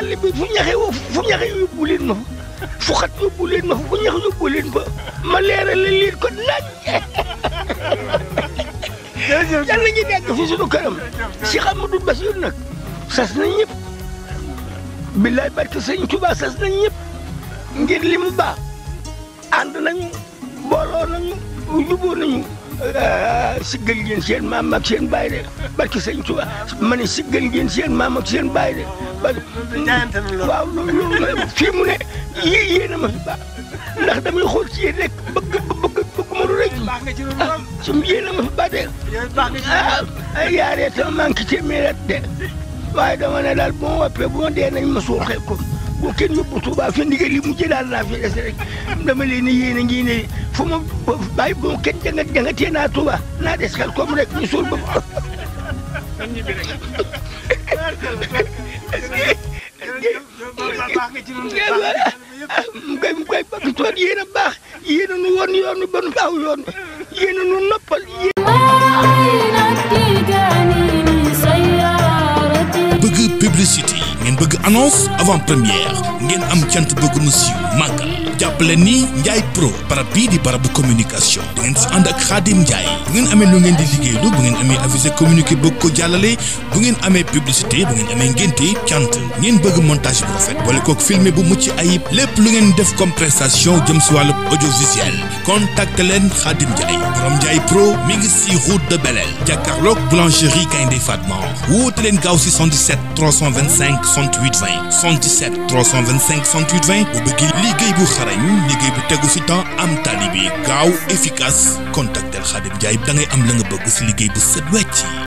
àll bi fu ñaxe fu ñaxe yóbbu leen ma fa fu xat yóbbu leen ma fa fu ñax yóbbu leen fa ma leeral leen ko nañ. jërëjëf yàlla ñu nekk fi suñu kanam. jërëjëf Cheikh Amadou Bassir nag sas nañ ñëpp. billaay barke sëñ Tuubaa sas nañ ñëpp ngir li mu baax ànd nañu booloo nañu juboo nañu. siggal ngeen seen maam ak seen baay de barki sëñ Tuba ma ne siggal ngeen seen maam ak seen baay de waaw loolu loolu fii mu ne yéen yéen a ma fi baax ndax damay xool ci yéen rek bëgg bëgg bëgg ma lu rëcc ah, su yéen a ma fi baax de ah yaaree sama manque téeméer de waaye dama ne daal bu ma woppee bu ma dee nañ ma suuxee ko bu kenn yóbbu Touba fi ndigal li mu jëlaat laa fi des rek dama leen ni yéen a ngi ne fu ma bàyyi bu ma kenn jàngat jàngatee naa Touba naa des xel comme rek ñu suul ba mu koy mu koy bakk toor yéen a baax a nu woon yoon ba nu aw yoon yéen a nu noppal bëgg publicité ngeen bëgg annonce avant première ngeen am cant bëgg mu siiw màggal jàppale ni Ndiaye Pro barab bii di barabu communication di ngeen si ànd ak Khadim Ndiaye bu ngeen amee lu ngeen di liggéeylu bu ngeen amee avisé communiqué bëgg ko jàllale bu ngeen amee publicité bu ngeen amee ngénte cant ngeen bëgg montage bu boole kook filmé bu mucc ayib lépp lu ngeen def comme prestation jëm si wàllu audiovisuel contacte leen Khadim Ndiaye borom Ndiaye Pro mi ngi si route de Belel jàkkaarloog boulangerie Gaynde Fatma woote leen xarañ liggéey bu tegu si temps am tali bi gaaw efficace contactel Khadim Ndiaye da ngay am la nga bëgg si liggéey bu set wecc